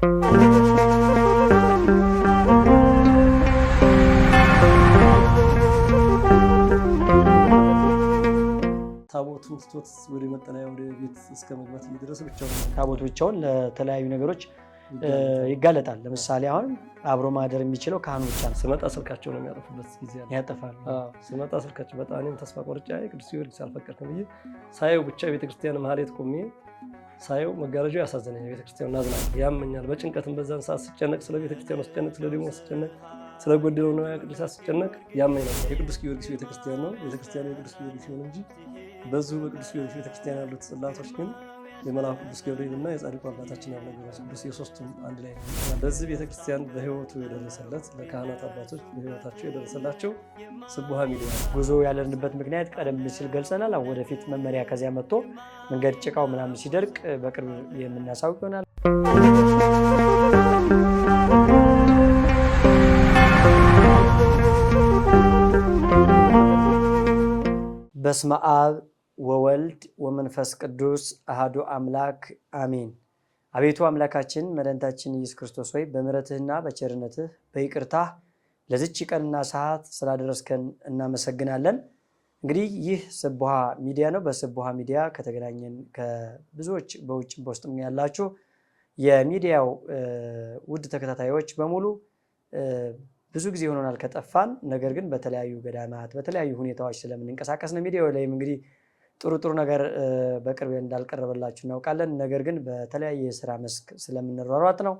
ታቦቱ ስቶት ወደ መጠለያ ወደ ቤት እስከ መግባት እየደረሰ ብቻውን ታቦቱ ብቻውን ለተለያዩ ነገሮች ይጋለጣል። ለምሳሌ አሁን አብሮ ማደር የሚችለው ካህኑ ብቻ ነው። ስመጣ ስልካቸው ነው የሚያጠፉበት ጊዜ ያጠፋል። ስመጣ ስልካቸው በጣም እኔም ተስፋ ቆርጬ ቅዱስ ጊዮርጊስ አልፈቀድኩም ብዬ ሳየው ብቻ ቤተክርስቲያን መሀል የት ቆሜ ሳየው መጋረጃው ያሳዘነኝ ቤተክርስቲያን ናዝናል ያመኛል። በጭንቀትም በዛን ሰዓት ስጨነቅ ስለ ቤተክርስቲያኑ ስጨነቅ ስለ ዲሞ ስጨነቅ ስለ ጎደለው ነው ቅዱሳት ስጨነቅ ያመኝ ነበር። የቅዱስ ጊዮርጊስ ቤተክርስቲያን ነው ቤተክርስቲያኑ የቅዱስ ጊዮርጊስ ሲሆን እንጂ በዙ በቅዱስ ጊዮርጊስ ቤተክርስቲያን ያሉት ጽላቶች ግን የመልአኩ ቅዱስ ገብርኤል እና የጻድቁ አባታችን አቡነ ገብረ ቅዱስ የሶስቱም አንድ ላይ ነው። በዚህ ቤተክርስቲያን በህይወቱ የደረሰለት ለካህናት አባቶች በህይወታቸው የደረሰላቸው ስቡሀ ሚሊዮን ጉዞ ያለንበት ምክንያት ቀደም ሲል ገልጸናል። አሁን ወደፊት መመሪያ ከዚያ መጥቶ መንገድ ጭቃው ምናምን ሲደርቅ በቅርብ የምናሳውቅ ይሆናል። በስመ አብ ወወልድ ወመንፈስ ቅዱስ አህዶ አምላክ አሜን። አቤቱ አምላካችን መድኃኒታችን ኢየሱስ ክርስቶስ ሆይ በምሕረትህና በቸርነትህ በይቅርታ ለዚች ቀንና ሰዓት ስላደረስከን እናመሰግናለን። እንግዲህ ይህ ስቡሀ ሚዲያ ነው። በስቡሀ ሚዲያ ከተገናኘን ከብዙዎች በውጭ በውስጥም ያላችሁ የሚዲያው ውድ ተከታታዮች በሙሉ ብዙ ጊዜ ሆኖናል ከጠፋን። ነገር ግን በተለያዩ ገዳማት በተለያዩ ሁኔታዎች ስለምንንቀሳቀስ ነው ሚዲያው ላይም እንግዲህ ጥሩ ጥሩ ነገር በቅርብ እንዳልቀረበላችሁ እናውቃለን። ነገር ግን በተለያየ የስራ መስክ ስለምንሯሯጥ ነው።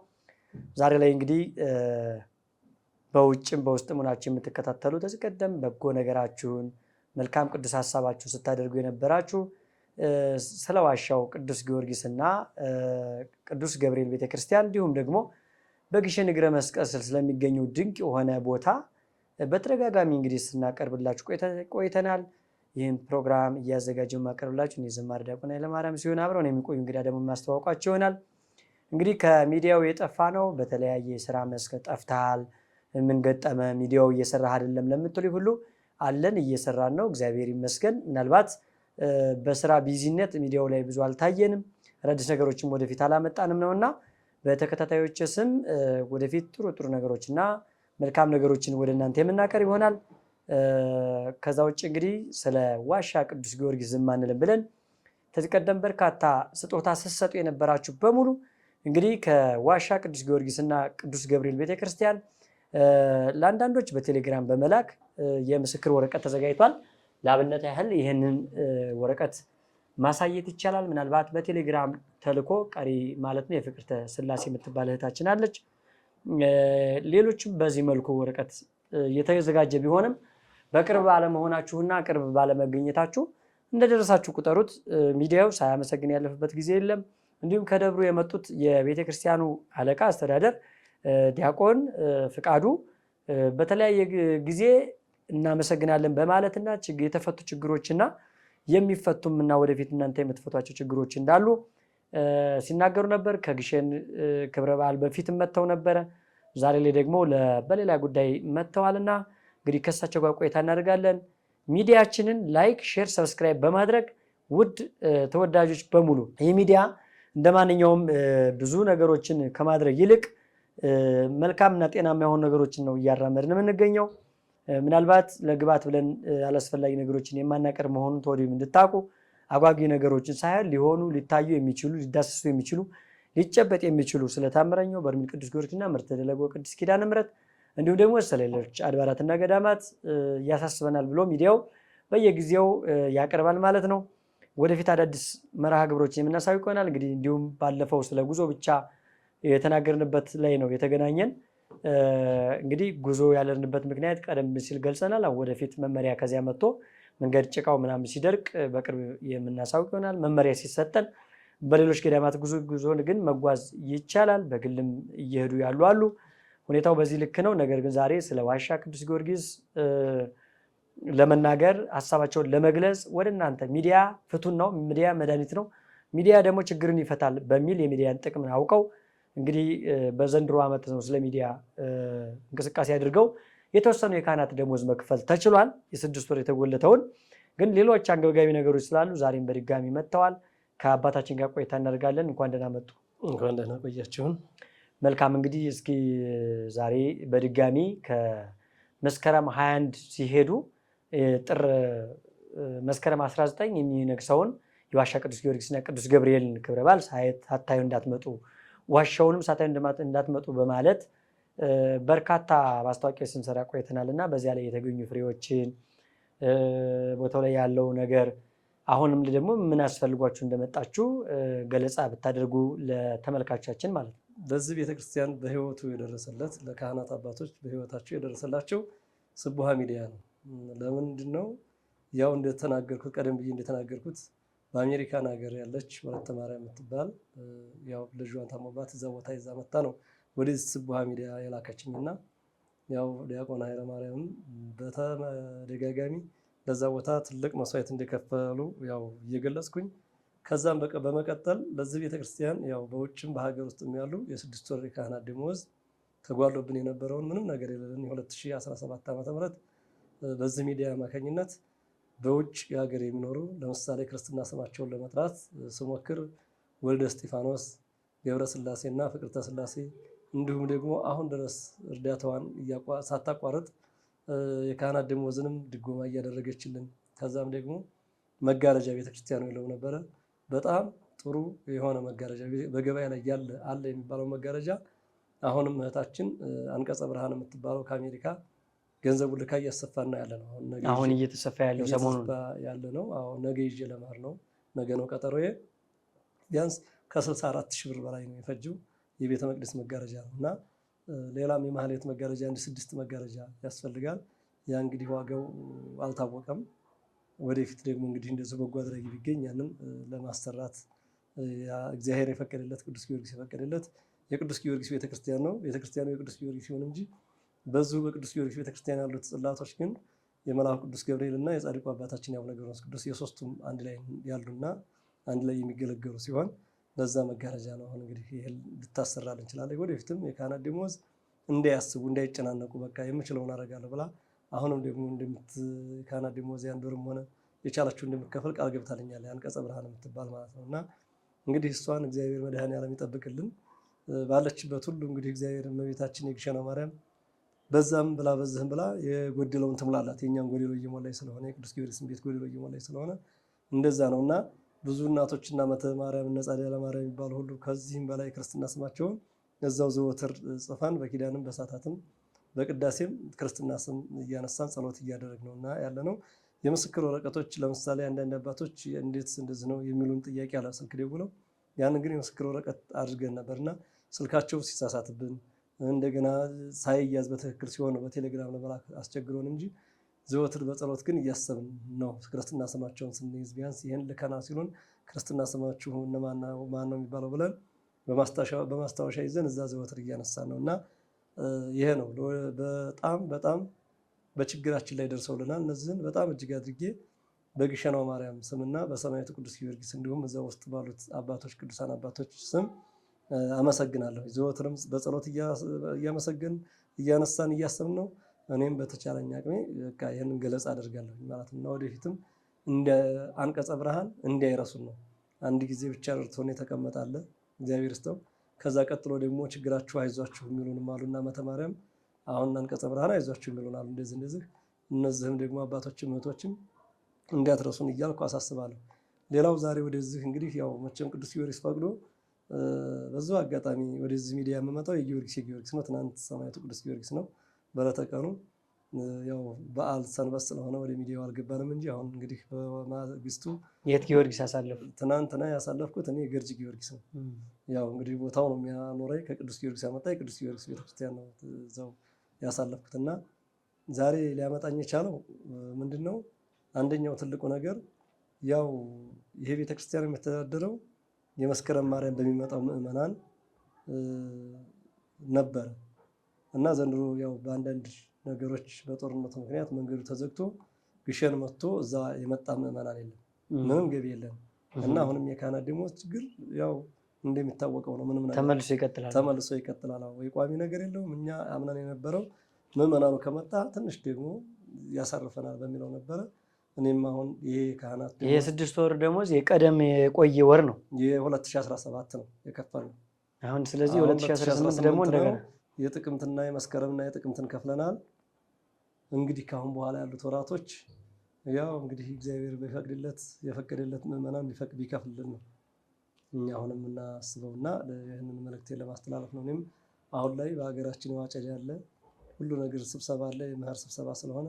ዛሬ ላይ እንግዲህ በውጭም በውስጥም ሆናችሁ የምትከታተሉ ከዚህ ቀደም በጎ ነገራችሁን መልካም ቅዱስ ሀሳባችሁ ስታደርጉ የነበራችሁ ስለ ዋሻው ቅዱስ ጊዮርጊስ እና ቅዱስ ገብርኤል ቤተክርስቲያን እንዲሁም ደግሞ በግሸን እግረ መስቀል ስር ስለሚገኘው ድንቅ የሆነ ቦታ በተደጋጋሚ እንግዲህ ስናቀርብላችሁ ቆይተናል። ይህን ፕሮግራም እያዘጋጀው ማቀርብላችሁ እኔ ዘማሪ ዲያቆን ኃይለማርያም ሲሆን አብረውን የሚቆዩ እንግዳ ደግሞ የሚያስተዋውቋቸው ይሆናል። እንግዲህ ከሚዲያው የጠፋ ነው። በተለያየ የስራ መስክ ጠፍተሃል፣ የምንገጠመ ሚዲያው እየሰራህ አይደለም ለምትሉ ሁሉ አለን፣ እየሰራን ነው፣ እግዚአብሔር ይመስገን። ምናልባት በስራ ቢዚነት ሚዲያው ላይ ብዙ አልታየንም፣ አዳዲስ ነገሮችም ወደፊት አላመጣንም ነው እና በተከታታዮች ስም ወደፊት ጥሩ ጥሩ ነገሮችና መልካም ነገሮችን ወደ እናንተ የምናቀር ይሆናል። ከዛ ውጭ እንግዲህ ስለ ዋሻ ቅዱስ ጊዮርጊስ ዝም አንልም ብለን ተቀደም በርካታ ስጦታ ስትሰጡ የነበራችሁ በሙሉ እንግዲህ ከዋሻ ቅዱስ ጊዮርጊስ እና ቅዱስ ገብርኤል ቤተክርስቲያን ለአንዳንዶች በቴሌግራም በመላክ የምስክር ወረቀት ተዘጋጅቷል። ለአብነት ያህል ይህንን ወረቀት ማሳየት ይቻላል። ምናልባት በቴሌግራም ተልኮ ቀሪ ማለት ነው የፍቅርተ ስላሴ የምትባል እህታችን አለች። ሌሎችም በዚህ መልኩ ወረቀት የተዘጋጀ ቢሆንም በቅርብ ባለመሆናችሁና ቅርብ ባለመገኘታችሁ እንደደረሳችሁ ቁጠሩት። ሚዲያው ሳያመሰግን ያለፍበት ጊዜ የለም። እንዲሁም ከደብሩ የመጡት የቤተ ክርስቲያኑ አለቃ አስተዳደር ዲያቆን ፍቃዱ በተለያየ ጊዜ እናመሰግናለን በማለትና የተፈቱ ችግሮችና የሚፈቱም እና ወደፊት እናንተ የምትፈቷቸው ችግሮች እንዳሉ ሲናገሩ ነበር። ከግሸን ክብረ በዓል በፊት መጥተው ነበረ። ዛሬ ላይ ደግሞ በሌላ ጉዳይ መጥተዋልና እንግዲህ ከሳቸው ጋር ቆይታ እናደርጋለን። ሚዲያችንን ላይክ፣ ሼር፣ ሰብስክራይብ በማድረግ ውድ ተወዳጆች በሙሉ ይህ ሚዲያ እንደ ማንኛውም ብዙ ነገሮችን ከማድረግ ይልቅ መልካምና ጤናማ የሆኑ ነገሮችን ነው እያራመድን የምንገኘው። ምናልባት ለግብዓት ብለን አላስፈላጊ ነገሮችን የማናቀር መሆኑን ተወዲሁም እንድታውቁ አጓጊ ነገሮችን ሳይሆን ሊሆኑ ሊታዩ የሚችሉ ሊዳሰሱ የሚችሉ ሊጨበጥ የሚችሉ ስለታምረኛው በርሜል ቅዱስ ጊዮርጊስና ምርት ደለጎ ቅዱስ ኪዳነ ምሕረት እንዲሁም ደግሞ ስለሌሎች አድባራትና ገዳማት ያሳስበናል ብሎ ሚዲያው በየጊዜው ያቀርባል ማለት ነው። ወደፊት አዳዲስ መርሃ ግብሮችን የምናሳው ይሆናል። እንግዲህ እንዲሁም ባለፈው ስለ ጉዞ ብቻ የተናገርንበት ላይ ነው የተገናኘን። እንግዲህ ጉዞ ያለንበት ምክንያት ቀደም ሲል ገልጸናል። ወደፊት መመሪያ ከዚያ መጥቶ መንገድ ጭቃው ምናምን ሲደርቅ በቅርብ የምናሳውቅ ይሆናል። መመሪያ ሲሰጠን በሌሎች ገዳማት ጉዞ ጉዞን ግን መጓዝ ይቻላል። በግልም እየሄዱ ያሉ አሉ። ሁኔታው በዚህ ልክ ነው። ነገር ግን ዛሬ ስለ ዋሻ ቅዱስ ጊዮርጊስ ለመናገር ሀሳባቸውን ለመግለጽ ወደ እናንተ ሚዲያ ፍቱን ነው፣ ሚዲያ መድኃኒት ነው፣ ሚዲያ ደግሞ ችግርን ይፈታል በሚል የሚዲያን ጥቅም አውቀው እንግዲህ በዘንድሮ ዓመት ነው ስለ ሚዲያ እንቅስቃሴ አድርገው የተወሰኑ የካህናት ደሞዝ መክፈል ተችሏል። የስድስት ወር የተጎለተውን ግን ሌሎች አንገብጋቢ ነገሮች ስላሉ ዛሬም በድጋሚ መጥተዋል። ከአባታችን ጋር ቆይታ እናደርጋለን። እንኳን ደህና መጡ። እንኳን ደህና ቆያችሁን። መልካም እንግዲህ እስኪ ዛሬ በድጋሚ ከመስከረም 21 ሲሄዱ ጥር መስከረም 19 የሚነግሰውን የዋሻ ቅዱስ ጊዮርጊስና ቅዱስ ገብርኤልን ክብረ በዓል ሳታዩ እንዳትመጡ ዋሻውንም ሳታዩ እንዳትመጡ በማለት በርካታ ማስታወቂያዎች ስንሰራ ቆይተናል እና በዚያ ላይ የተገኙ ፍሬዎችን ቦታው ላይ ያለው ነገር አሁንም ደግሞ ምን አስፈልጓችሁ እንደመጣችሁ ገለጻ ብታደርጉ ለተመልካቾቻችን ማለት ነው። በዚህ ቤተክርስቲያን በህይወቱ የደረሰለት ለካህናት አባቶች በህይወታቸው የደረሰላቸው ስቡሃ ሚዲያ ነው። ለምንድን ነው ያው እንደተናገርኩት ቀደም ብዬ እንደተናገርኩት በአሜሪካን ሀገር ያለች ወለተ ማርያም የምትባል ያው ልጇን ታሞባት እዛ ቦታ ይዛ መታ ነው ወደዚህ ስቡሃ ሚዲያ የላከችኝ እና ያው ዲያቆን ኃይለማርያም በተደጋጋሚ ለዛ ቦታ ትልቅ መስዋዕት እንደከፈሉ ያው እየገለጽኩኝ ከዛም በመቀጠል ለዚህ ቤተክርስቲያን ያው በውጭም በሀገር ውስጥ ያሉ የስድስት ወር የካህናት ደመወዝ ተጓሎብን የነበረውን ምንም ነገር የሌለን የ2017 ዓ ም በዚህ ሚዲያ አማካኝነት በውጭ የሀገር የሚኖሩ ለምሳሌ ክርስትና ስማቸውን ለመጥራት ስሞክር ወልደ እስጢፋኖስ፣ ገብረ ስላሴ እና ፍቅርተ ስላሴ እንዲሁም ደግሞ አሁን ድረስ እርዳታዋን ሳታቋርጥ የካህናት ደመወዝንም ድጎማ እያደረገችልን ከዛም ደግሞ መጋረጃ ቤተክርስቲያኑ ይለው ነበረ በጣም ጥሩ የሆነ መጋረጃ በገበያ ላይ ያለ አለ የሚባለው መጋረጃ አሁንም እህታችን አንቀጸ ብርሃን የምትባለው ከአሜሪካ ገንዘቡ ልካ እያሰፋና ያለ ነው። አሁን እየተሰፋ ያለው ሰሞኑን ያለ ነው። ነገ ይዤ ለመሄድ ነው። ነገ ነው ቀጠሮዬ። ቢያንስ ከ64 ሺህ ብር በላይ ነው የፈጀው የቤተ መቅደስ መጋረጃ ነው እና ሌላም የማህሌት መጋረጃ እንዲ ስድስት መጋረጃ ያስፈልጋል። ያ እንግዲህ ዋጋው አልታወቀም። ወደፊት ደግሞ እንግዲህ እንደዚሁ በጎ አድራጊ ቢገኝ ያንም ለማሰራት እግዚአብሔር የፈቀደለት ቅዱስ ጊዮርጊስ የፈቀደለት የቅዱስ ጊዮርጊስ ቤተክርስቲያን ነው። ቤተክርስቲያኑ የቅዱስ ጊዮርጊስ ሲሆን እንጂ በዚሁ በቅዱስ ጊዮርጊስ ቤተክርስቲያን ያሉት ጽላቶች ግን የመልአኩ ቅዱስ ገብርኤል እና የጻድቁ አባታችን የአቡነ ገብረመንፈስ ቅዱስ የሶስቱም አንድ ላይ ያሉና አንድ ላይ የሚገለገሉ ሲሆን ለዛ መጋረጃ ነው። አሁን እንግዲህ ይህ ልታሰራል እንችላለን። ወደፊትም የካህናት ደሞዝ እንዳያስቡ እንዳይጨናነቁ፣ በቃ የምችለውን አደርጋለሁ ብላ አሁንም ደግሞ እንደምት ካህናት ደግሞ እዚያ አንዶርም ሆነ የቻላችሁ እንደምትከፍል ቃል ገብታልኛል አንቀጸ ብርሃን የምትባል ማለት ነው እና እንግዲህ እሷን እግዚአብሔር መድኃኔዓለም ይጠብቅልን። ባለችበት ሁሉ እንግዲህ እግዚአብሔር እመቤታችን የግሸኗ ማርያም በዛም ብላ በዝህም ብላ የጎደለውን ትሙላላት። የእኛን ጎደሎ እየሞላኝ ስለሆነ የቅዱስ ጊዮርጊስን ቤት ጎደሎ እየሞላኝ ስለሆነ እንደዛ ነው እና ብዙ እናቶችና መተ ማርያም እነ ጻድቃነ ማርያም የሚባሉ ሁሉ ከዚህም በላይ ክርስትና ስማቸውን እዛው ዘወትር ጽፋን በኪዳንም በሳታትም በቅዳሴም ክርስትና ስም እያነሳን ጸሎት እያደረግ ነው እና ያለ ነው። የምስክር ወረቀቶች ለምሳሌ አንዳንድ አባቶች እንዴት እንደዚህ ነው የሚሉን ጥያቄ አለ ስልክ ደውለው ያንን ግን የምስክር ወረቀት አድርገን ነበር እና ስልካቸው ሲሳሳትብን እንደገና ሳይያዝ በትክክል ሲሆን ነው በቴሌግራም ለመላክ አስቸግሮን እንጂ ዘወትር በጸሎት ግን እያሰብን ነው። ክርስትና ስማቸውን ስንይዝ ቢያንስ ይህን ልከና ሲሉን ክርስትና ስማችሁ ማን ነው የሚባለው ብለን በማስታወሻ ይዘን እዛ ዘወትር እያነሳ ነው እና ይሄ ነው። በጣም በጣም በችግራችን ላይ ደርሰውልናል። እነዚህን በጣም እጅግ አድርጌ በግሸናው ማርያም ስምና በሰማዕቱ ቅዱስ ጊዮርጊስ እንዲሁም እዛ ውስጥ ባሉት አባቶች ቅዱሳን አባቶች ስም አመሰግናለሁ። ዘወትርም በጸሎት እያመሰግን እያነሳን እያሰብን ነው። እኔም በተቻለኝ አቅሜ በቃ ይህንን ገለጻ አደርጋለሁ ማለት ነው። ወደፊትም እንደ አንቀጸ ብርሃን እንዳይረሱን ነው። አንድ ጊዜ ብቻ ርቶን የተቀመጣለ እግዚአብሔር ስተው ከዛ ቀጥሎ ደግሞ ችግራችሁ አይዟችሁ የሚሉንም አሉና መተማሪያም አሁን አንቀጸ ብርሃን አይዟችሁ የሚሉን አሉ። እንደዚህ እንደዚህ እነዚህም ደግሞ አባቶችም እህቶችም እንዳትረሱን እያልኩ አሳስባለሁ። ሌላው ዛሬ ወደዚህ እንግዲህ ያው መቼም ቅዱስ ጊዮርጊስ ፈቅዶ በዙ አጋጣሚ ወደዚህ ሚዲያ የምመጣው የጊዮርጊስ የጊዮርጊስ ነው። ትናንት ሰማዕቱ ቅዱስ ጊዮርጊስ ነው በለተቀኑ ያው በዓል ሰንበት ስለሆነ ወደ ሚዲያው አልገባንም እንጂ አሁን እንግዲህ በማግስቱ የት ጊዮርጊስ ያሳለፉ ትናንትና ያሳለፍኩት እኔ ገርጅ ጊዮርጊስ ነው። ያው እንግዲህ ቦታው ነው የሚያኖረኝ ከቅዱስ ጊዮርጊስ ያመጣ የቅዱስ ጊዮርጊስ ቤተክርስቲያን ነው እዛው ያሳለፍኩት እና ዛሬ ሊያመጣኝ የቻለው ምንድን ነው? አንደኛው ትልቁ ነገር ያው ይሄ ቤተክርስቲያን የሚተዳደረው የመስከረም ማርያም በሚመጣው ምዕመናን ነበረ እና ዘንድሮ ያው በአንዳንድ ነገሮች በጦርነቱ ምክንያት መንገዱ ተዘግቶ ግሸን መጥቶ እዛ የመጣ ምዕመናን የለም፣ ምንም ገቢ የለም። እና አሁንም የካህናት ደሞዝ ችግር ያው እንደሚታወቀው ነው። ምንም ተመልሶ ይቀጥላል፣ ተመልሶ ይቀጥላል። ወይ ቋሚ ነገር የለውም። እኛ አምናን የነበረው ምዕመናኑ ከመጣ ትንሽ ደግሞ ያሳርፈናል በሚለው ነበረ። እኔም አሁን ይሄ ካህናት ይሄ ስድስት ወር ደሞዝ የቀደም የቆየ ወር ነው፣ የ2017 ነው የከፈልነው አሁን። ስለዚህ 2018 ደግሞ እንደገና የጥቅምትና የመስከረምና የጥቅምትን ከፍለናል። እንግዲህ ካሁን በኋላ ያሉት ወራቶች ያው እንግዲህ እግዚአብሔር ቢፈቅድለት የፈቀደለት ምዕመናን ቢፈቅድ ቢከፍልልን ነው እኛ አሁን ና ይህንን መልእክቴን ለማስተላለፍ ነው። እኔም አሁን ላይ በሀገራችን የዋጨድ ያለ ሁሉ ነገር ስብሰባ አለ፣ የመኸር ስብሰባ ስለሆነ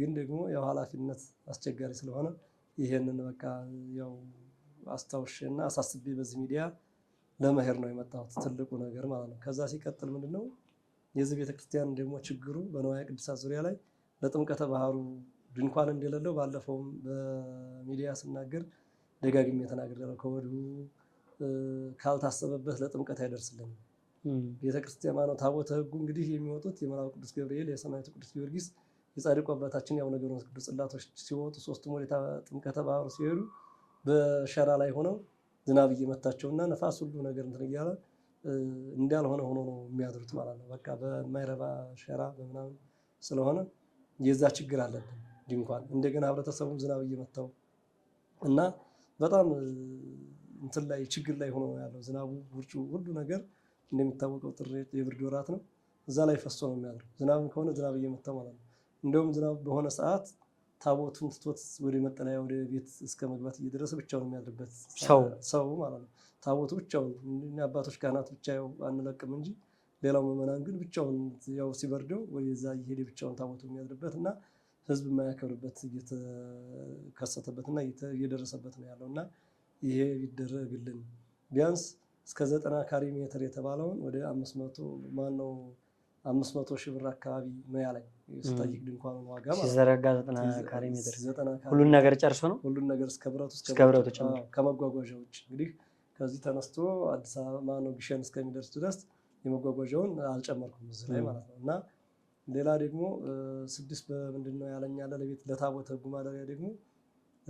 ግን ደግሞ ያው ኃላፊነት አስቸጋሪ ስለሆነ ይህንን በቃ ያው እና አሳስቤ በዚህ ሚዲያ ለመሄድ ነው የመጣሁት፣ ትልቁ ነገር ማለት ነው። ከዛ ሲቀጥል ምንድን ነው የዚህ ቤተክርስቲያን ደግሞ ችግሩ በነዋያ ቅድሳት ዙሪያ ላይ በጥምቀተ ባህሩ ድንኳን እንደሌለው ባለፈውም በሚዲያ ስናገር ደጋግሜ ተናግሬያለሁ። ከወዲሁ ካልታሰበበት ለጥምቀት አይደርስልን ቤተክርስቲያን ነው ታቦተ ሕጉ እንግዲህ የሚወጡት የመላኩ ቅዱስ ገብርኤል፣ የሰማዕቱ ቅዱስ ጊዮርጊስ፣ የጻድቁ አባታችን የአቡነ ገብረ መንፈስ ቅዱስ ጽላቶች ሲወጡ ሶስቱም ወደ ጥምቀተ ባህሩ ሲሄዱ በሸራ ላይ ሆነው ዝናብ እየመታቸውና ነፋስ ሁሉ ነገር እንትን እያለ እንዳልሆነ ሆኖ ነው የሚያድሩት ማለት ነው። በቃ በማይረባ ሸራ በምናምን ስለሆነ የዛ ችግር አለብን ድንኳን። እንደገና ህብረተሰቡ ዝናብ እየመታው እና በጣም እንትን ላይ ችግር ላይ ሆኖ ያለው ዝናቡ፣ ውርጩ፣ ሁሉ ነገር እንደሚታወቀው ጥር የብርድ ወራት ነው። እዛ ላይ ፈሶ ነው የሚያድረው። ዝናብም ከሆነ ዝናብ እየመታው ማለት ነው። እንደውም ዝናብ በሆነ ሰዓት ታቦቱን ትቶት ወደ መጠለያ ወደ ቤት እስከ መግባት እየደረሰ ብቻውን የሚያድርበት ሰው ማለት ነው። ታቦቱ ብቻውን አባቶች ካህናት ብቻ ያው አንለቅም እንጂ ሌላው ምዕመናን ግን ብቻውን ያው ሲበርደው ወደዛ እየሄደ ብቻውን ታቦቱ የሚያድርበት እና ህዝብ የማያከብርበት እየተከሰተበት እና እየደረሰበት ነው ያለው እና ይሄ ቢደረግልን ቢያንስ እስከ ዘጠና ካሪ ሜትር የተባለውን ወደ አምስት መቶ ማነው አምስት መቶ ሺህ ብር አካባቢ ነው ያለኝ ስጠይቅ ድንኳኑን ዋጋ ሲዘረጋ ዘጠና ካሬ ሜትር ሁሉን ነገር ጨርሶ ነው ሁሉን ነገር እስከ ብረቱ ከመጓጓዣዎች እንግዲህ ከዚህ ተነስቶ አዲስ አበባ ነው ግሸን እስከሚደርስ ድረስ የመጓጓዣውን አልጨመርኩም እዚህ ላይ ማለት ነው። እና ሌላ ደግሞ ስድስት በምንድን ነው ያለኛለ ለቤት ለታቦተ ሕጉ ማደሪያ ደግሞ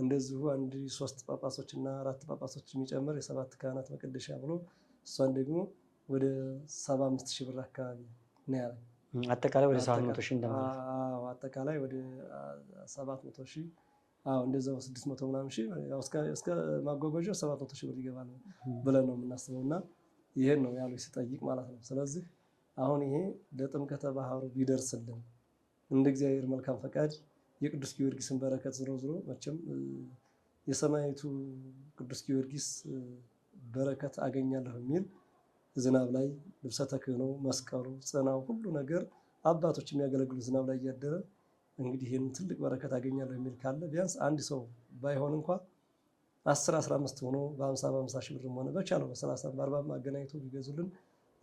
እንደዚሁ አንድ ሶስት ጳጳሶች እና አራት ጳጳሶች የሚጨምር የሰባት ካህናት መቀደሻ ብሎ እሷን ደግሞ ወደ ሰባ አምስት ሺህ ብር አካባቢ ነው ያለ አጠቃላይ ወደ ሰባት መቶ ሺህ አጠቃላይ ወደ ሰባት መቶ ሺህ አዎ እንደዛው ስድስት መቶ ምናምን ሺህ እስከ ማጓጓዣ ሰባት መቶ ሺህ ብር ይገባል ብለን ነው የምናስበው እና ይሄን ነው ያሉ ሲጠይቅ ማለት ነው። ስለዚህ አሁን ይሄ ለጥምቀተ ባህሩ ቢደርስልን እንደ እግዚአብሔር መልካም ፈቃድ የቅዱስ ጊዮርጊስን በረከት ዝሮ ዝሮ መቼም የሰማይቱ ቅዱስ ጊዮርጊስ በረከት አገኛለሁ የሚል ዝናብ ላይ ልብሰ ተክህኖ፣ መስቀሉ፣ ጽናው ሁሉ ነገር አባቶች የሚያገለግሉ ዝናብ ላይ እያደረ እንግዲህ ይህን ትልቅ በረከት አገኛለሁ የሚል ካለ ቢያንስ አንድ ሰው ባይሆን እንኳ አስር አስራ አምስት ሆኖ በአምሳ በአምሳ ሺህ ብርም ሆነ በቻለው በሰላሳ በአርባ አገናኝቶ ቢገዙልን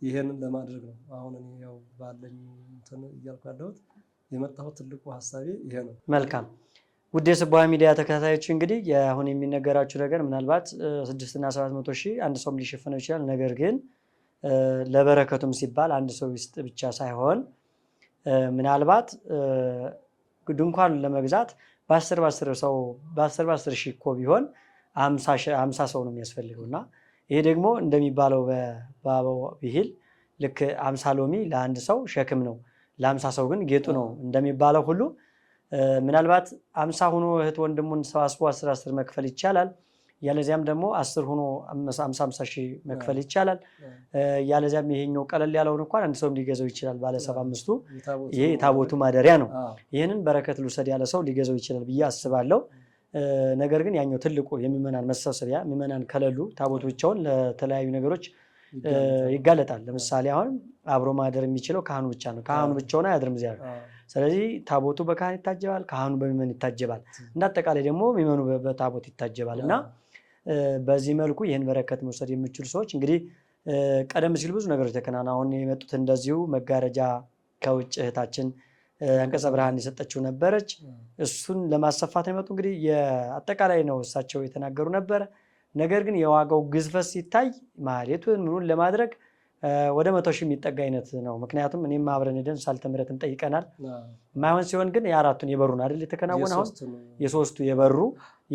ይህንን ለማድረግ ነው። አሁን እኔ ያው ባለኝ እንትን እያልኩ ያለሁት የመጣሁት ትልቁ ሀሳቤ ይሄ ነው። መልካም ውድ የስቡሀ ሚዲያ ተከታታዮች እንግዲህ አሁን የሚነገራችሁ ነገር ምናልባት ስድስትና ሰባት መቶ ሺህ አንድ ሰውም ሊሸፍነው ይችላል። ነገር ግን ለበረከቱም ሲባል አንድ ሰው ውስጥ ብቻ ሳይሆን ምናልባት ድንኳን ለመግዛት በአስር በአስር ሰው በአስር በአስር ሺህ እኮ ቢሆን አምሳ ሰው ነው የሚያስፈልገው እና ይሄ ደግሞ እንደሚባለው በአበው ብሂል ልክ አምሳ ሎሚ ለአንድ ሰው ሸክም ነው፣ ለአምሳ ሰው ግን ጌጡ ነው እንደሚባለው ሁሉ ምናልባት አምሳ ሆኖ እህት ወንድሙን ሰባስቦ አስር አስር መክፈል ይቻላል። ያለዚያም ደግሞ አስር ሆኖ አምሳ አምሳ ሺህ መክፈል ይቻላል። ያለዚያም ይሄኛው ቀለል ያለውን እንኳን አንድ ሰውም ሊገዛው ይችላል። ባለ ሰባ አምስቱ ይሄ የታቦቱ ማደሪያ ነው። ይህንን በረከት ልውሰድ ያለ ሰው ሊገዛው ይችላል ብዬ አስባለሁ። ነገር ግን ያኛው ትልቁ የምዕመናን መሰብሰቢያ ምዕመናን ከሌሉ ታቦት ብቻውን ለተለያዩ ነገሮች ይጋለጣል። ለምሳሌ አሁን አብሮ ማደር የሚችለው ካህኑ ብቻ ነው። ካህኑ ብቻውን አያድርም እዚያ። ስለዚህ ታቦቱ በካህን ይታጀባል፣ ካህኑ በሚመን ይታጀባል፣ እንዳጠቃላይ አጠቃላይ ደግሞ ሚመኑ በታቦት ይታጀባል እና በዚህ መልኩ ይህን በረከት መውሰድ የሚችሉ ሰዎች እንግዲህ ቀደም ሲል ብዙ ነገሮች ተከናውነው አሁን የመጡት እንደዚሁ መጋረጃ ከውጭ እህታችን አንቀጸ ብርሃን የሰጠችው ነበረች። እሱን ለማሰፋት የመጡ እንግዲህ አጠቃላይ ነው እሳቸው የተናገሩ ነበረ። ነገር ግን የዋጋው ግዝፈት ሲታይ ማሌቱን ምኑን ለማድረግ ወደ መቶ ሺህ የሚጠጋ አይነት ነው። ምክንያቱም እኔም አብረን ሄደን ሳልተምረትን ጠይቀናል። ማይሆን ሲሆን ግን የአራቱን የበሩን አይደል የተከናወነ አሁን የሶስቱ የበሩ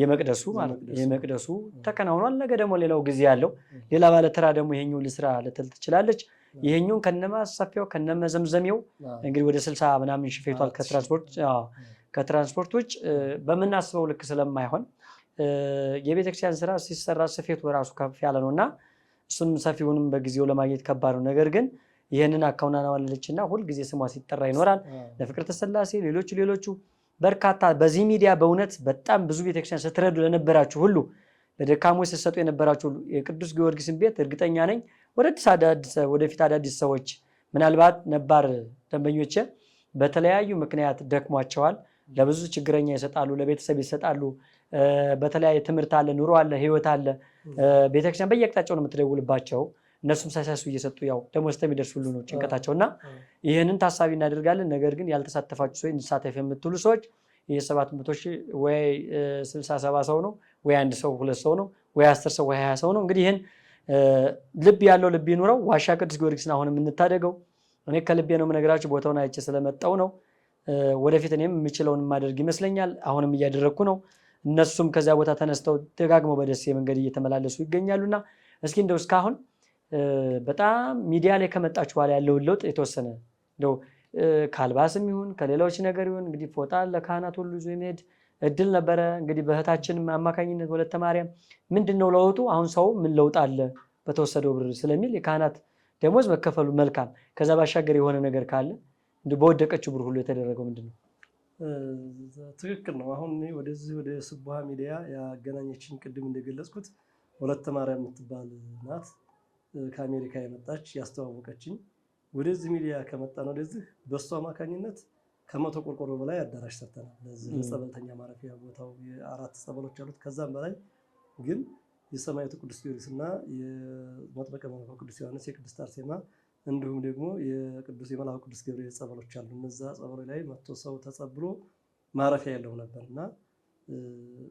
የመቅደሱ ማለት የመቅደሱ ተከናውኗል። ነገ ደግሞ ሌላው ጊዜ ያለው ሌላ ባለተራ ደግሞ ይሄኛው ልስራ ልትል ትችላለች። ይሄኛውን ከነማሰፊያው ከነመዘምዘሚው እንግዲህ ወደ ስልሳ ምናምን ሽፌቷል ከትራንስፖርት ከትራንስፖርት ውጭ በምናስበው ልክ ስለማይሆን የቤተክርስቲያን ስራ ሲሰራ ስፌቱ ራሱ ከፍ ያለ ነው እና ሰፊ ሆኑም በጊዜው ለማግኘት ከባድ ነው። ነገር ግን ይህንን አካውናናዋለች እና ሁልጊዜ ስሟ ሲጠራ ይኖራል። ለፍቅርተ ሥላሴ ሌሎቹ ሌሎቹ በርካታ በዚህ ሚዲያ በእውነት በጣም ብዙ ቤተክርስቲያን ስትረዱ ለነበራችሁ ሁሉ ለደካሞች ስትሰጡ የነበራችሁ ሁሉ የቅዱስ ጊዮርጊስን ቤት እርግጠኛ ነኝ ወደፊት አዳዲስ ሰዎች ምናልባት ነባር ደንበኞቼ በተለያዩ ምክንያት ደክሟቸዋል። ለብዙ ችግረኛ ይሰጣሉ፣ ለቤተሰብ ይሰጣሉ። በተለያየ ትምህርት አለ፣ ኑሮ አለ፣ ህይወት አለ። ቤተክርስቲያን በየአቅጣጫው ነው የምትደውልባቸው። እነሱም ሳይሳሱ እየሰጡ ያው ደግሞ የሚደርስ ሁሉ ነው ጭንቀታቸው እና ይህንን ታሳቢ እናደርጋለን። ነገር ግን ያልተሳተፋችሁ ሰዎች እንሳተፍ የምትሉ ሰዎች የሰባት መቶ ሺህ ወይ ስልሳ ሰባ ሰው ነው ወይ አንድ ሰው ሁለት ሰው ነው ወይ አስር ሰው ወይ ሀያ ሰው ነው። እንግዲህ ይህን ልብ ያለው ልብ ይኑረው። ዋሻ ቅዱስ ጊዮርጊስን አሁን የምንታደገው እኔ ከልቤ ነው የምነግራችሁ፣ ቦታውን አይቼ ስለመጣው ነው። ወደፊት እኔም የምችለውን የማደርግ ይመስለኛል። አሁንም እያደረግኩ ነው። እነሱም ከዚያ ቦታ ተነስተው ደጋግመው በደሴ መንገድ እየተመላለሱ ይገኛሉና እስኪ እንደው እስካሁን በጣም ሚዲያ ላይ ከመጣችሁ በኋላ ያለውን ለውጥ የተወሰነ እንደው ከአልባስም ይሁን ከሌሎች ነገር ይሁን እንግዲህ ፎጣ ለካህናት ሁሉ ይዞ የመሄድ እድል ነበረ። እንግዲህ በእህታችንም አማካኝነት ወለተ ማርያም ምንድን ነው ለውጡ? አሁን ሰው ምን ለውጥ አለ በተወሰደው ብር ስለሚል የካህናት ደሞዝ መከፈሉ መልካም። ከዛ ባሻገር የሆነ ነገር ካለ በወደቀችው ብር ሁሉ የተደረገው ምንድን ነው? ትክክል ነው። አሁን ወደዚህ ወደ ስቡሃ ሚዲያ ያገናኘችን ቅድም እንደገለጽኩት ወለተ ማርያም የምትባል ናት። ከአሜሪካ የመጣች ያስተዋወቀችኝ ወደዚህ ሚዲያ ነው። ወደዚህ በእሱ አማካኝነት ከመቶ ቆርቆሮ በላይ አዳራሽ ሰርተናል። ለዚህ ለጸበልተኛ ማረፊያ ቦታው የአራት ጸበሎች አሉት። ከዛም በላይ ግን የሰማዕቱ ቅዱስ ጊዮርጊስ እና የመጥምቀ መለኮት ቅዱስ ዮሐንስ፣ የቅድስት አርሴማ እንዲሁም ደግሞ የቅዱስ የመልአኩ ቅዱስ ገብርኤል ጸበሎች አሉ። እነዛ ጸበሎች ላይ መቶ ሰው ተጸብሎ ማረፊያ ያለው ነበር እና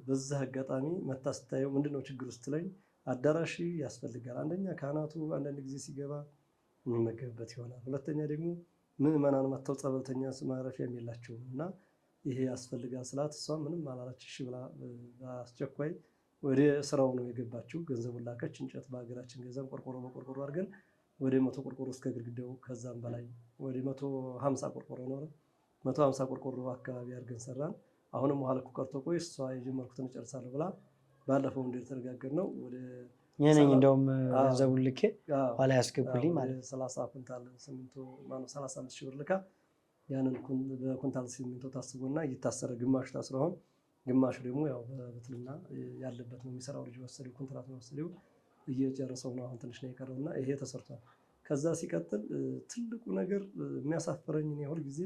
በዚህ አጋጣሚ መታ ስታየው ምንድነው ችግር ውስጥ ላይ አዳራሽ ያስፈልጋል። አንደኛ ካህናቱ አንዳንድ ጊዜ ሲገባ የሚመገብበት ይሆናል። ሁለተኛ ደግሞ ምዕመናን መጥተው ጸበልተኛ ማረፊያ የላቸውም እና ይሄ ያስፈልጋል ስላት እሷ ምንም አላላች። እሺ ብላ ወደ ስራው ነው የገባችው። ገንዘቡን ላከች። እንጨት በሀገራችን ገዛም ቆርቆሮ በቆርቆሮ አድርገን ወደ መቶ ቆርቆሮ እስከ ግድግዳው ከዛም በላይ ወደ መቶ ሀምሳ ቆርቆሮ ኖረ። መቶ ሀምሳ ቆርቆሮ አካባቢ አድርገን ሰራን። አሁንም ውሃ ልኩ ቀርቶ ቆይ እሷ የጀመርኩትን እጨርሳለሁ ብላ ባለፈው እንደተነጋገር ነው ወደ ይህነኝ እንደውም ገንዘቡን ልኬ ኋላ ያስገቡልኝ ማለት ሰላሳ ኩንታል ስሚንቶ ማነው ሰላሳ አምስት ሺህ ብር ልካ ያንን በኩንታል ስሚንቶ ታስቦና እየታሰረ ግማሽ ታስሮ ግማሹ ደግሞ ያው በትልና ያለበት ነው የሚሰራው ልጅ ወሰደው ኮንትራት ነው ወሰደው እየጨረሰው ነው። አሁን ትንሽ ነው የቀረው እና ይሄ ተሰርቷል። ከዛ ሲቀጥል ትልቁ ነገር የሚያሳፍረኝ እኔ ሁልጊዜ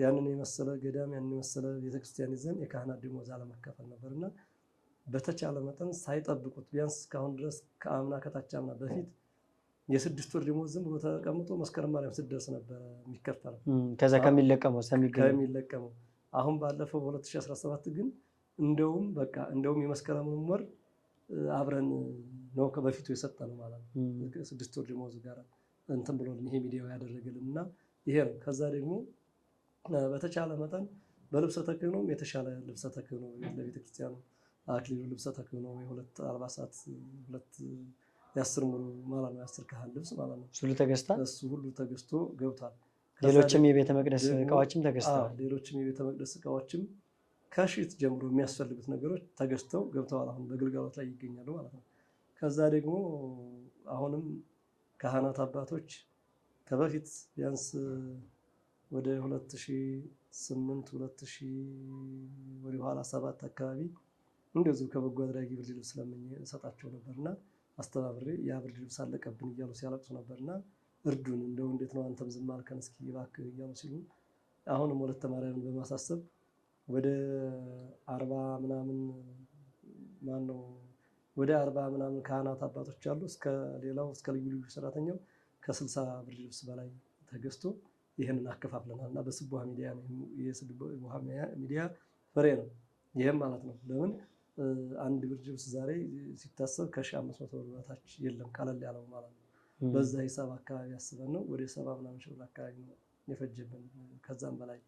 ያንን የመሰለ ገዳም ያንን የመሰለ ቤተክርስቲያን ይዘን የካህናት ደሞዝ አለመከፈል ነበር እና በተቻለ መጠን ሳይጠብቁት ቢያንስ እስካሁን ድረስ ከአምና ከታች አምና በፊት የስድስት ወር ደሞዝ ዝም ብሎ ተቀምጦ መስከረም ማርያም ስደርስ ነበረ የሚከፈለው ከዛ ከሚለቀመው ከሚለቀመው አሁን ባለፈው በ2017 ግን እንደውም በቃ እንደውም የመስከረምን ወር አብረን ነው ከበፊቱ የሰጠ ነው ማለት ነው። ስድስት ወር ዲሞዝ ጋር እንትን ብሎልን ይሄ ሚዲያው ያደረገልን እና ይሄ ነው። ከዛ ደግሞ በተቻለ መጠን በልብሰ ተክህኖም የተሻለ ልብሰ ተክህኖ ለቤተ ክርስቲያኑ አክሊሉ ልብሰ ተክህኖ የሁለት አልባሳት ሁለት የአስር ሙሉ ማለት ነው የአስር ካህን ልብስ ማለት ነው። ሁሉ ተገዝታ እሱ ሁሉ ተገዝቶ ገብቷል። ሌሎችም የቤተ መቅደስ እቃዎችም ተገዝተዋል። ሌሎችም የቤተ መቅደስ እቃዎችም ከሽት ጀምሮ የሚያስፈልጉት ነገሮች ተገዝተው ገብተዋል። አሁን በግልጋሎት ላይ ይገኛሉ ማለት ነው። ከዛ ደግሞ አሁንም ካህናት አባቶች ከበፊት ቢያንስ ወደ 2008 2000 ወደ ኋላ ሰባት አካባቢ እንደዚሁ ከበጎ አድራጊ ብርድ ልብስ ነበር ነበርና አስተባብሬ ያ ብርድ ልብስ አለቀብን እያሉ ሲያለቅሱ ነበርና እርዱን እንደው እንዴት ነው አንተም ዝም አልከን እስኪ እባክህ እያሉ ሲሉ አሁንም ሁለት ተማሪያን በማሳሰብ ወደ አርባ ምናምን ማን ነው ወደ አርባ ምናምን ካህናት አባቶች አሉ። እስከ ሌላው እስከ ልዩ ልዩ ሰራተኛው ከስልሳ ብርድ ልብስ በላይ ተገዝቶ ይህንን አከፋፍለናል እና በስቡሀ ሚዲያ የስቡሀ ሚዲያ ፍሬ ነው ይህም ማለት ነው። ለምን አንድ ብርድ ልብስ ዛሬ ሲታሰብ ከሺ አምስት መቶ ብር በታች የለም ቀለል ያለው ማለት ነው። በዛ ሂሳብ አካባቢ ያስበን ነው ወደ ሰባ ምናምን ሺህ ብር አካባቢ ነው የፈጀብን ከዛም በላይ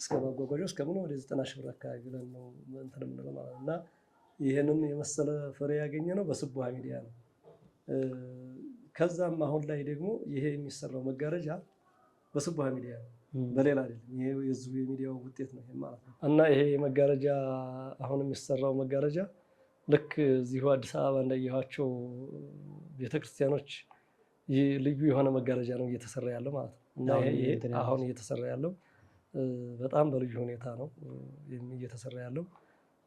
እስከ ማጓጓዣ እስከ ምን ወደ ዘጠና ሺህ ብር አካባቢ ብለን ነው እንትን የምንለው ማለት ነው። እና ይህንን የመሰለ ፍሬ ያገኘ ነው በስቡሃ ሚዲያ ነው። ከዛም አሁን ላይ ደግሞ ይሄ የሚሰራው መጋረጃ በስቡሃ ሚዲያ ነው፣ በሌላ አይደለም። ይሄ የዚሁ የሚዲያው ውጤት ነው ማለት ነው። እና ይሄ መጋረጃ አሁን የሚሰራው መጋረጃ ልክ እዚሁ አዲስ አበባ እንዳየኋቸው ቤተክርስቲያኖች ልዩ የሆነ መጋረጃ ነው እየተሰራ ያለው ማለት ነው። እና አሁን እየተሰራ ያለው በጣም በልዩ ሁኔታ ነው እየተሰራ ያለው።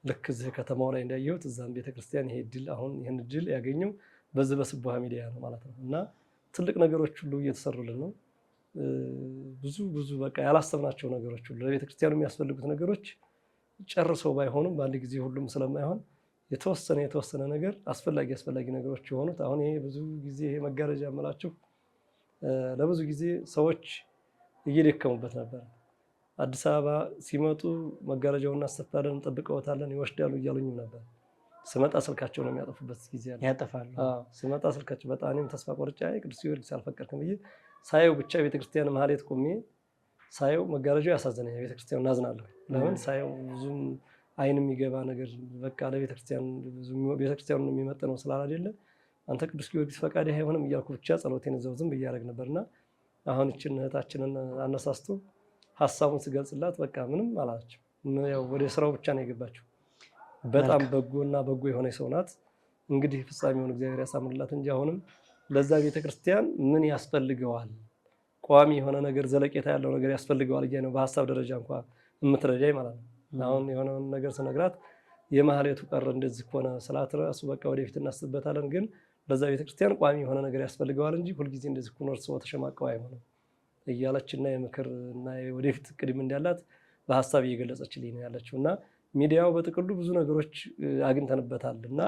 ልክ እዚህ ከተማው ላይ እንዳየሁት እዛም ቤተክርስቲያን ይሄ ድል አሁን ይህን ድል ያገኘው በዚህ በስቡሀ ሚዲያ ነው ማለት ነው እና ትልቅ ነገሮች ሁሉ እየተሰሩልን ነው። ብዙ ብዙ በቃ ያላሰብናቸው ነገሮች ሁሉ ለቤተክርስቲያኑ የሚያስፈልጉት ነገሮች ጨርሰው ባይሆኑም በአንድ ጊዜ ሁሉም ስለማይሆን የተወሰነ የተወሰነ ነገር አስፈላጊ አስፈላጊ ነገሮች የሆኑት አሁን ይሄ ብዙ ጊዜ ይሄ መጋረጃ የምላችሁ ለብዙ ጊዜ ሰዎች እየደከሙበት ነበር። አዲስ አበባ ሲመጡ መጋረጃውና አሰፋለን እንጠብቀውታለን ይወስዳሉ እያሉኝም ነበር። ስመጣ ስልካቸው ነው የሚያጠፉበት ጊዜ ያጠፋሉ። ስመጣ ስልካቸው በጣም እኔም ተስፋ ቆርጬ ቅዱስ ጊዮርጊስ አልፈቀድክም ብዬ ሳየው ብቻ ቤተክርስቲያን መሀሌት ቆሜ ሳየው መጋረጃው ያሳዘነኝ። ቤተክርስቲያኑ እናዝናለሁ። ለምን ሳየው ብዙም አይን የሚገባ ነገር በቃ ለቤተክርስቲያኑ የሚመጥነው ስላላደለ አንተ ቅዱስ ጊዮርጊስ ፈቃድ አይሆንም እያልኩ ብቻ ጸሎቴን እዛው ዝም ብዬ ነበርና አሁን እችን እህታችንን አነሳስቶ ሀሳቡን ስገልጽላት በቃ ምንም አላቸው። ወደ ስራው ብቻ ነው የገባቸው። በጣም በጎ እና በጎ የሆነ ሰው ናት። እንግዲህ ፍጻሜውን እግዚአብሔር ያሳምላት እንጂ አሁንም ለዛ ቤተክርስቲያን ምን ያስፈልገዋል ቋሚ የሆነ ነገር ዘለቄታ ያለው ነገር ያስፈልገዋል እያ ነው በሀሳብ ደረጃ እንኳ የምትረዳኝ ማለት ነው። አሁን የሆነውን ነገር ስነግራት የማህሌቱ ቀረ እንደዚህ ከሆነ ስላት እሱ በቃ ወደፊት እናስብበታለን፣ ግን ለዛ ቤተክርስቲያን ቋሚ የሆነ ነገር ያስፈልገዋል እንጂ ሁልጊዜ እንደዚህ ኩኖር ሰው ተሸማቀው አይሆንም። እያለች እና የምክር እና ወደፊት ቅድም እንዳላት በሀሳብ እየገለጸች ልኝ ነው ያለችው እና ሚዲያው በጥቅሉ ብዙ ነገሮች አግኝተንበታል እና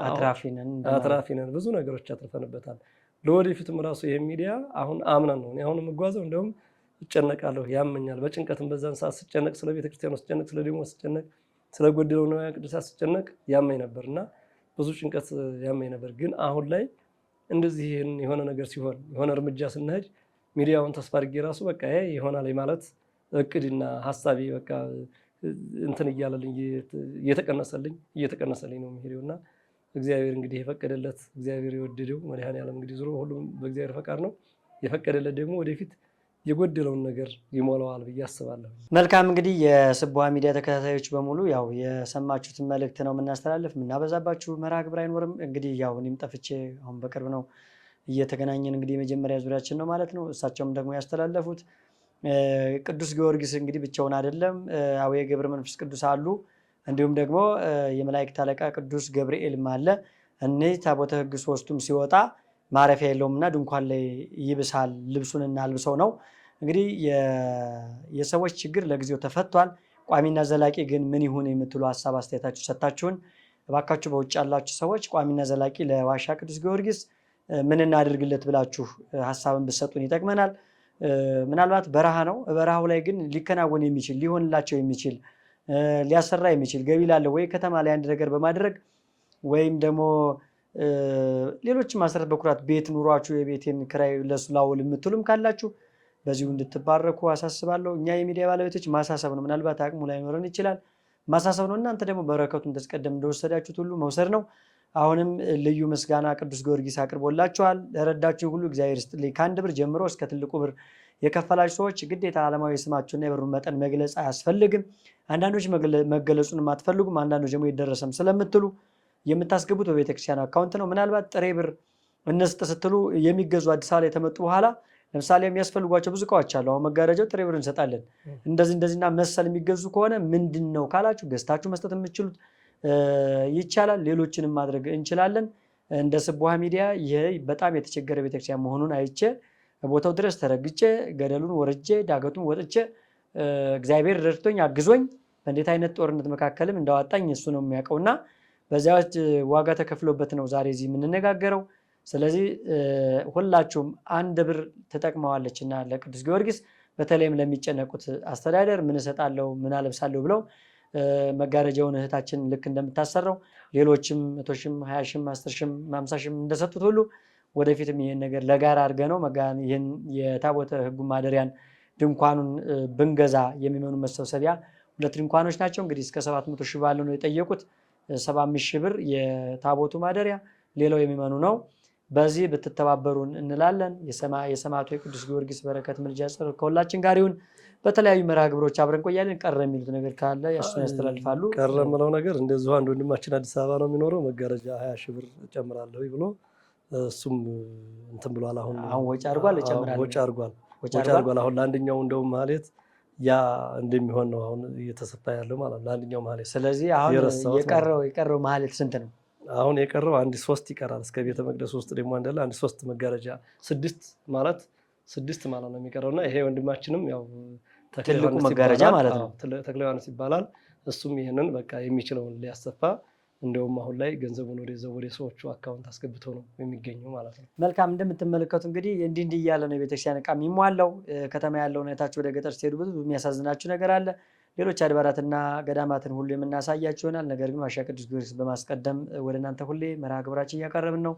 አትራፊ ነን፣ ብዙ ነገሮች አትርፈንበታል። ለወደፊትም ራሱ ይህ ሚዲያ አሁን አምነን ነው አሁን የምጓዘው እንደውም እጨነቃለሁ፣ ያመኛል። በጭንቀትም በዛን ሰዓት ስጨነቅ ስለ ቤተክርስቲያኑ ስጨነቅ፣ ስለ ደግሞ ስጨነቅ፣ ስለ ጎደለው ነዋያ ቅዱሳት ስጨነቅ ያመኝ ነበር እና ብዙ ጭንቀት ያመኝ ነበር። ግን አሁን ላይ እንደዚህ የሆነ ነገር ሲሆን የሆነ እርምጃ ስናሄድ ሚዲያውን ተስፋ አድርጌ ራሱ በቃ ይሆናል ማለት እቅድና ሀሳቤ በቃ እንትን እያለልኝ እየተቀነሰልኝ እየተቀነሰልኝ ነው የሚሄደው እና እግዚአብሔር እንግዲህ የፈቀደለት እግዚአብሔር የወደደው መድኃኔዓለም እንግዲህ ዞሮ ሁሉም በእግዚአብሔር ፈቃድ ነው። የፈቀደለት ደግሞ ወደፊት የጎደለውን ነገር ይሞላዋል ብዬ አስባለሁ። መልካም እንግዲህ የስቡሀ ሚዲያ ተከታታዮች በሙሉ ያው የሰማችሁትን መልእክት ነው የምናስተላልፍ። የምናበዛባችሁ መርሃ ግብር አይኖርም። እንግዲህ ያው እኔም ጠፍቼ አሁን በቅርብ ነው እየተገናኘን እንግዲህ የመጀመሪያ ዙሪያችን ነው ማለት ነው። እሳቸውም ደግሞ ያስተላለፉት ቅዱስ ጊዮርጊስ እንግዲህ ብቻውን አይደለም፣ አቡነ ገብረ መንፈስ ቅዱስ አሉ። እንዲሁም ደግሞ የመላእክት አለቃ ቅዱስ ገብርኤልም አለ። እነዚህ ታቦተ ሕግ ሶስቱም ሲወጣ ማረፊያ የለውም እና ድንኳን ላይ ይብሳል። ልብሱን እናልብሰው ነው እንግዲህ የሰዎች ችግር ለጊዜው ተፈቷል። ቋሚና ዘላቂ ግን ምን ይሁን የምትሉ ሀሳብ አስተያየታችሁ ሰታችሁን እባካችሁ በውጭ ያላችሁ ሰዎች ቋሚና ዘላቂ ለዋሻ ቅዱስ ጊዮርጊስ ምን እናድርግለት ብላችሁ ሀሳብን ብሰጡን ይጠቅመናል። ምናልባት በረሃ ነው። በረሃው ላይ ግን ሊከናወን የሚችል ሊሆንላቸው የሚችል ሊያሰራ የሚችል ገቢ ላለው ወይ ከተማ ላይ አንድ ነገር በማድረግ ወይም ደግሞ ሌሎችም መሰረት በኩራት ቤት ኑሯችሁ የቤቴን ክራይ ለሱ ላውል የምትሉም ካላችሁ በዚሁ እንድትባረኩ አሳስባለሁ። እኛ የሚዲያ ባለቤቶች ማሳሰብ ነው። ምናልባት አቅሙ ላይኖረን ይችላል። ማሳሰብ ነው። እናንተ ደግሞ በረከቱን ተስቀደም እንደወሰዳችሁት ሁሉ መውሰድ ነው። አሁንም ልዩ ምስጋና ቅዱስ ጊዮርጊስ አቅርቦላችኋል። ለረዳችሁ ሁሉ እግዚአብሔር ይስጥልኝ። ከአንድ ብር ጀምሮ እስከ ትልቁ ብር የከፈላችሁ ሰዎች ግዴታ ዓለማዊ ስማችሁና የብሩን መጠን መግለጽ አያስፈልግም። አንዳንዶች መገለጹንም አትፈልጉም። አንዳንዶች ደግሞ የደረሰም ስለምትሉ የምታስገቡት በቤተክርስቲያን አካውንት ነው። ምናልባት ጥሬ ብር እነስጥ ስትሉ የሚገዙ አዲስ አበባ የተመጡ በኋላ ለምሳሌ የሚያስፈልጓቸው ብዙ እቃዎች አሉ። አሁን መጋረጃው ጥሬ ብር እንሰጣለን። እንደዚህ እንደዚህና መሰል የሚገዙ ከሆነ ምንድን ነው ካላችሁ ገዝታችሁ መስጠት የምችሉት ይቻላል። ሌሎችንም ማድረግ እንችላለን። እንደ ስቡሃ ሚዲያ ይሄ በጣም የተቸገረ ቤተክርስቲያን መሆኑን አይቼ ቦታው ድረስ ተረግጬ ገደሉን ወርጄ ዳገቱን ወጥቼ እግዚአብሔር ረድቶኝ አግዞኝ በእንዴት አይነት ጦርነት መካከልም እንዳዋጣኝ እሱ ነው የሚያውቀው እና ዋጋ ተከፍሎበት ነው ዛሬ እዚህ የምንነጋገረው። ስለዚህ ሁላችሁም አንድ ብር ትጠቅመዋለች እና ለቅዱስ ጊዮርጊስ በተለይም ለሚጨነቁት አስተዳደር ምን እሰጣለሁ ምን አለብሳለሁ ብለው መጋረጃውን እህታችን ልክ እንደምታሰራው ሌሎችም መቶሽም ሀያሽም አስርሽም ሽም እንደሰጡት ሁሉ ወደፊትም ይህን ነገር ለጋራ አድርገ ነው ይህን የታቦተ ሕጉ ማደሪያን ድንኳኑን ብንገዛ የሚመኑ መሰብሰቢያ ሁለት ድንኳኖች ናቸው። እንግዲህ እስከ ሰባት መቶ ሺህ ባለ ነው የጠየቁት። ሰባ አምስት ሺህ ብር የታቦቱ ማደሪያ ሌላው የሚመኑ ነው። በዚህ ብትተባበሩን እንላለን። የሰማዕቱ የቅዱስ ጊዮርጊስ በረከት ምልጃ ጸሎት ከሁላችን ጋር ይሁን። በተለያዩ መርሃ ግብሮች አብረን ቆያለን። ቀረ የሚሉት ነገር ካለ ያሱን ያስተላልፋሉ። ቀረ የምለው ነገር እንደዚሁ አንድ ወንድማችን አዲስ አበባ ነው የሚኖረው መጋረጃ ሀያ ሺህ ብር እጨምራለሁ ብሎ እሱም እንትን ብሏል። አሁን አሁን ወጪ አድርጓል፣ እጨምራለሁ ወጪ አድርጓል፣ ወጪ አድርጓል። አሁን ለአንደኛው እንደውም ማለት ያ እንደሚሆን ነው አሁን እየተሰፋ ያለው ማለት ነው ለአንደኛው ማለት። ስለዚህ አሁን የቀረው የቀረው ማለት ስንት ነው? አሁን የቀረው አንድ ሶስት ይቀራል። እስከ ቤተ መቅደስ ውስጥ ደግሞ አንዳለ አንድ ሶስት መጋረጃ ስድስት ማለት ስድስት ማለት ነው የሚቀረው እና ይሄ ወንድማችንም ያው ትልቁ መጋረጃ ማለት ነው ተክለ ዮሐንስ ይባላል። እሱም ይህንን በቃ የሚችለውን ሊያሰፋ እንደውም አሁን ላይ ገንዘቡን ወደ ወደ ሰዎቹ አካውንት አስገብቶ ነው የሚገኘው ማለት ነው። መልካም እንደምትመለከቱ እንግዲህ እንዲህ እንዲህ እያለ ነው የቤተክርስቲያን እቃ የሚሟላው። ከተማ ያለው ሁኔታችሁ ወደ ገጠር ስትሄዱ ብዙ የሚያሳዝናችሁ ነገር አለ። ሌሎች አድባራትና ገዳማትን ሁሉ የምናሳያችሁ ይሆናል። ነገር ግን ዋሻ ቅዱስ ጊዮርጊስ በማስቀደም ወደ እናንተ ሁሌ መርሃ ግብራችን እያቀረብን ነው።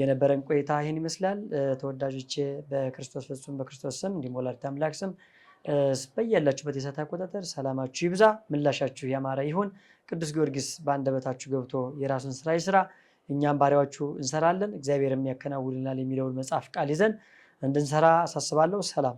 የነበረን ቆይታ ይህን ይመስላል። ተወዳጆቼ በክርስቶስ ፍጹም በክርስቶስ ስም እንዲሁም ወላዲተ አምላክ ስም በያላችሁበት የሰዓት አቆጣጠር ሰላማችሁ ይብዛ፣ ምላሻችሁ ያማረ ይሁን። ቅዱስ ጊዮርጊስ በአንደበታችሁ ገብቶ የራሱን ስራ ይስራ፣ እኛም ባሪያዎቹ እንሰራለን፣ እግዚአብሔር የሚያከናውልናል የሚለውን መጽሐፍ ቃል ይዘን እንድንሰራ አሳስባለሁ። ሰላም